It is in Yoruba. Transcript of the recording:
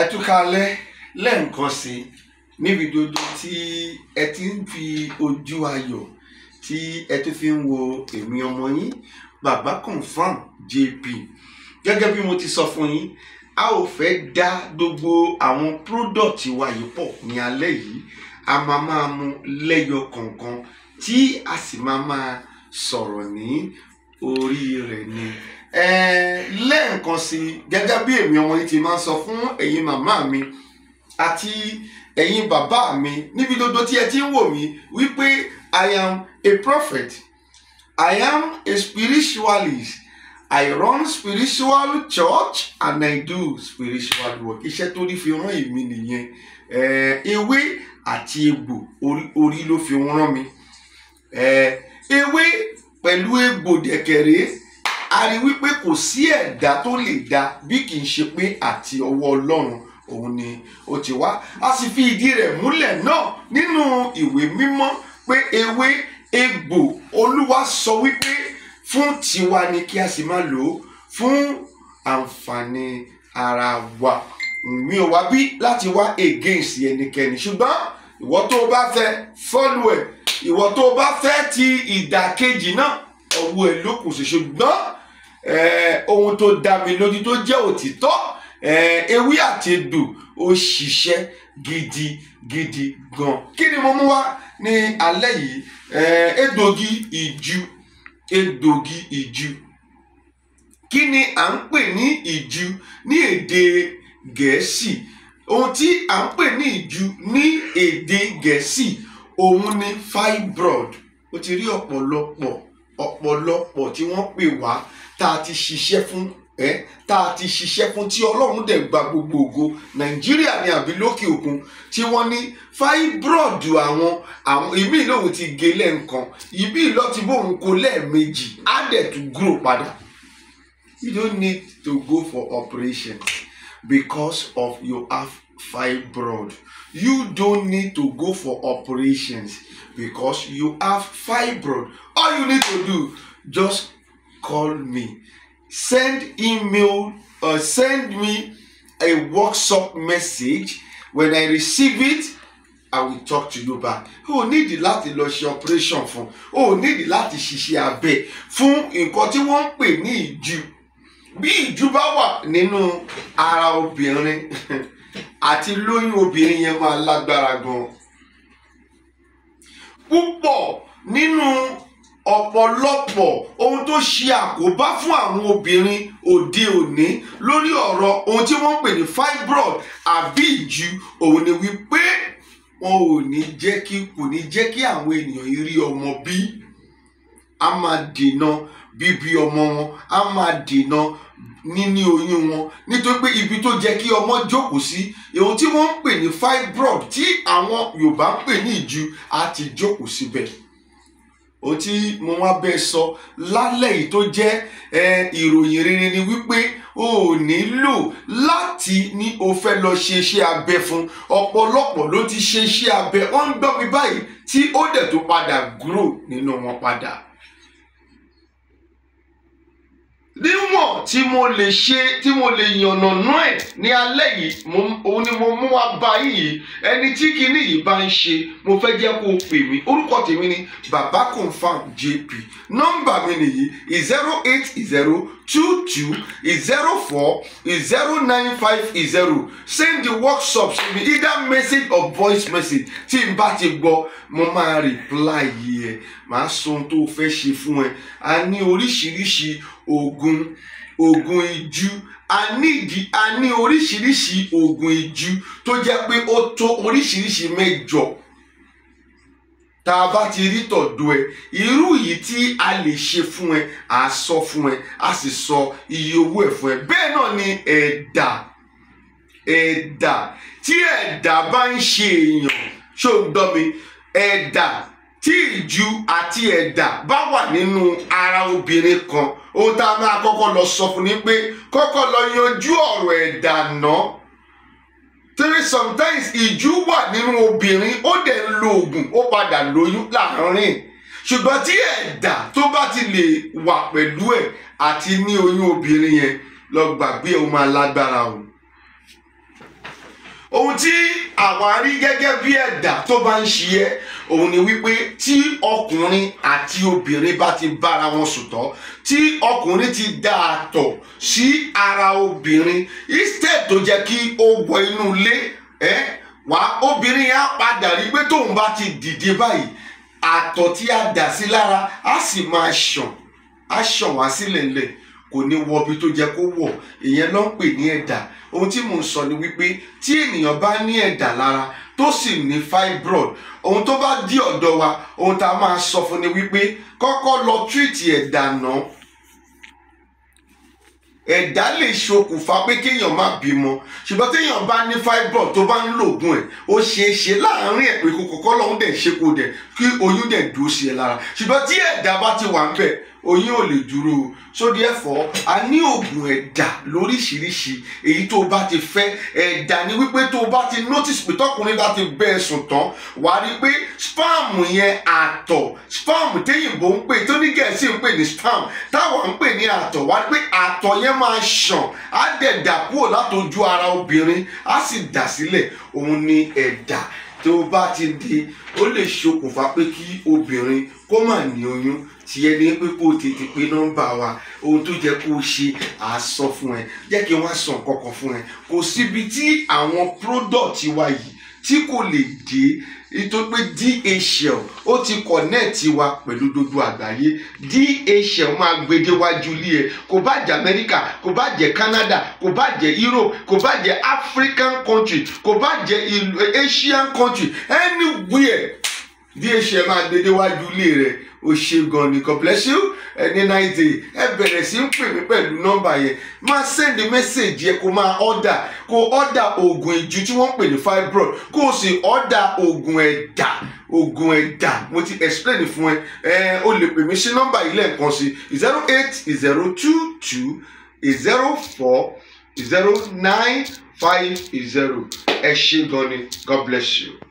ẹ tún kalẹ̀ lẹ́ǹkan sí i níbi dodo tí ẹ ti ń fi ojú ayọ̀ tí ẹ tún fi ń wo èmi ọmọ yín bàbá confam jp gẹ́gẹ́ bí mo ti sọ fún yín a ò fẹ́ dá gbogbo àwọn product wa yìí pọ̀ ní alẹ́ yìí a máa máa mu lẹ́yọ kọ̀ọ̀kan tí a sì máa máa sọ̀rọ̀ ní orí rẹ̀ ni lẹ́ẹ̀kan sí i gẹ́gẹ́ bí èmi ọmọ ti máa ń sọ fún ẹ̀yin màmá mi àti ẹ̀yin bàbá mi níbi gbogbo tí ẹ ti ń wò mí wípé I am a prophet I am a spiritualist I run spiritual church and I do spiritual work iṣẹ́ tó rí fi rán èmi nìyẹn ewé àti egbò orí ló fi rán mi ewé pẹ̀lú egbò dẹ̀kẹ̀rẹ́ a rí wípé kò sí ẹ̀dá tó lè dá bí kì í ṣe pé àti ọwọ́ ọlọ́run òun ni ó ti wá a sì fi ìdí rẹ̀ múlẹ̀ náà nínú ìwé mímọ́ pé ewé egbò olúwa sọ wípé fún tiwa ni kí a sì máa lò ó fún àǹfààní ara wa mi ò wá bí láti wá against ẹnikẹ́ni ṣùgbọ́n ìwọ tó o bá fẹ́ fọ́lù ẹ̀ ìwọ tó o bá fẹ́ ti ìdàkejì náà ọwọ́ ẹ̀ ló kù sí ṣùgbọ́n Eh, ohun tó dá mi lójú tó jẹ́ òtítọ́ eh, ewé àti egbò ó ṣiṣẹ́ gidigidi gan kí ni mo mú wá ní alẹ́ yìí eh, egbògi ìju egbògi ìju kí ni à ń pè ní ìju ní èdè gẹ̀ẹ́sì ohun tí à ń pè ní ìju ní èdè gẹ̀ẹ́sì òun ni fibroid ó ti rí ọ̀pọ̀lọpọ̀ ọ̀pọ̀lọpọ̀ tí wọ́n pè wá tá a ti ṣiṣẹ́ fún ẹ tá a ti ṣiṣẹ́ fún tí ọlọ́run dẹ̀ gba gbogbo ògo nàìjíríà ni àbí lókè òkun tí wọ́n ní fáíbrọ̀dù àwọn àwọn ìbí lòun ti gé lẹ́ǹkan ìbí lọ bóun kó lẹ́ẹ̀mejì á dẹ̀ tún gúrò padà you don't need to go for operation because of you have fibroid you don't need to go for operations because you have fibroid all you need to do just call me. Send email or uh, send me a WhatsApp message. When I receive it, I will talk to you back. O nídìí láti lọ ṣe operation fún. O nídìí láti ṣiṣẹ́ abẹ fún nǹkan tí wọ́n ń pè ní ìjú. Bí ìjú bá wà nínú ara obìnrin àti lóyún obìnrin yẹn máa lágbára gan. Púpọ̀ ninu ọ̀pọ̀lọpọ̀ ohun tó ṣe àkóbá fún àwọn obìnrin òde òní lórí ọ̀rọ̀ ohun tí wọ́n ń pè ní fibroid àbí ìjù òun ni wípé wọn ò ní jẹ́ kí kò ní jẹ́ kí àwọn ènìyàn yìí rí ọmọ bí a máa dènà bíbí ọmọ wọn a máa dènà níní oyún wọn nítorí pé ibi tó jẹ́ kí ọmọ jókòó sí ohun tí wọ́n ń pè ní fibroid tí àwọn Yorùbá ń pè ní ìjù á ti jókòó síbẹ̀. Si o tí mo wá bẹ sọ lálẹ́ yìí tó jẹ́ ẹ ìròyìn rere ni wípé o ò nílò láti ní o fẹ́ lọ ṣe iṣẹ́ abẹ fún ọ̀pọ̀lọpọ̀ ló ti ṣe iṣẹ́ abẹ ó ń gbọ́ mi báyìí tí ó dẹ̀ tó padà grow nínú wọn padà. tí mo lè ṣe tí mo lè yànnàná ẹ̀ ní alẹ́ yìí òun ni mo mú wa bá yín yìí ẹni tí kinní yìí bá ń ṣe mo fẹ́ jẹ́ kó o pè mí orúkọ tèmi ni baba confam jp nọ́mbà mi nìyí zero eight zero two two zero four zero nine five zero send the workshop to me either message or voice message tí n bá ti gbọ́ mo máa reply yìí ẹ̀ máa sọ ohun tó o fẹ́ ṣe fún ẹ a ní oríṣiríṣi Ogun Ogun ijú a ní ìdí a ní oríṣiríṣi Ogun ijú tó jẹ́ pé ó tó oríṣiríṣi mẹ́jọ tá a bá ti rí tọ̀dọ̀ ẹ irú yìí tí a lè ṣe fún ẹ a sọ fún ẹ a sì sọ iye owó ẹ fún ẹ bẹ́ẹ̀ náà ni ẹ̀dà ẹ̀dà tí ẹ̀dà bá ń ṣe èèyàn ṣó ń dán mi ẹ̀dà tí ìju àti ẹ̀dà bá wà nínú ara obìnrin kan ohun tá a máa kọ́kọ́ lọ sọ fún ni pé kọ́kọ́ lọ yanjú ọ̀rọ̀ ẹ̀dà náà torí sometimes ìju wà nínú obìnrin ó dẹ̀ ń lo oògùn ó padà lóyún láàárín ṣùgbọ́n tí ẹ̀dà tó bá ti lè wà pẹ̀lú ẹ̀ àti ní oyún obìnrin yẹn lọ gbàgbé ẹ̀ ó máa ohun tí àwa rí gẹ́gẹ́ bí ẹ̀dá tó bá ń ṣiyẹ́ òun ni wípé tí ọkùnrin àti obìnrin bá ti bára wọn sùtọ́ tí ọkùnrin ti dá àtọ̀ sí ara obìnrin instead tó jẹ́ kí ó wọ inú ilé ẹ̀ wá obìnrin yẹn á padà rí pé tóun bá ti dìde báyìí àtọ̀ tí a dà sí lára á sì máa ṣàn á ṣàn wá sílẹ̀ ńlẹ̀ kò ní wọ ibi tó jẹ kó wọ ìyẹn ló ń pè ní ẹ̀dà ohun tí mò ń sọ ni wípé tí ènìyàn bá ní ẹ̀dà lára tó sì ní fibroid ohun tó bá di ọ̀dọ̀ wa ohun tá a máa sọ fún ni wípé kọ́kọ́ lọ tírìtì ẹ̀dà náà ẹ̀dá lè ṣokùnfà pé kéèyàn má bímọ ṣùgbọ́n téèyàn bá ní fibroid tó bá ń lògùn ẹ̀ ó ṣeé ṣe láàárín ẹ̀pẹ́ kòkòkò lọ́hún dẹ̀ ṣe kó dẹ̀ kí oyún dẹ̀ dúró sí ẹ lára ṣùgbọ́n tí ẹ̀dá bá ti wà ń bẹ̀ oyin ò lè dúró so therefore a ní oògùn ẹ̀dà lóríṣiríṣi èyí tó o bá ti fẹ́ ẹ̀dà ni wípé tó o bá ti notice pé tọkùnrin bá ti bẹ́ẹ̀ sùn tán wà á rí i pé sperm yẹn àtọ̀ sperm téyìnbó ń pè tó ní gẹ̀ẹ́sì ń pè ní sperm táwa ń pè ní àtọ̀ wà á rí pé àtọ̀ yẹn máa ṣàn á dẹ̀ kúrò látọjú ara obìnrin á sì dà sílẹ̀ òun ni ẹ̀dà tó o bá ti di ó lè ṣokùnfà pé kí obìnrin kó má ní oyún tí ẹni pé kó o tètè pé nọ́mbà wa ohun tó jẹ́ kó o ṣe à sọ fún ẹ jẹ́ kí n wá sàn kankan fún ẹ kò síbi tí àwọn product wa yìí tí kò lè dé nítorí pé DHL ó ti kọ̀nẹ́ẹ̀tì wa pẹ̀lú gbogbo àgbáyé DHL máa gbedewájú ilé ẹ̀ kò bá jẹ́ Amẹ́ríkà kò bá jẹ́ Canada kò bá jẹ́ Europe kò bá jẹ́ African country kò bá jẹ́ Asian country anywhere DHL máa gbé déwájú ilé rẹ̀ o ṣe gan ni God bless you ẹni náìtì ẹ bẹ̀rẹ̀ sí ń pè mí pẹ̀lú nọ́mbà yẹn máa send message yẹ kó máa order kó order oògùn ìju tí wọ́n ń pè ní fibroid kó o sì order oògùn ẹ̀dà oògùn ẹ̀dà mo ti explain fún ẹ ẹ o lè pè mí sí nọ́mbà yìí lẹ́ẹ̀kan sí zero eight zero two two zero four zero nine five zero ẹ ṣe gan ni God bless you.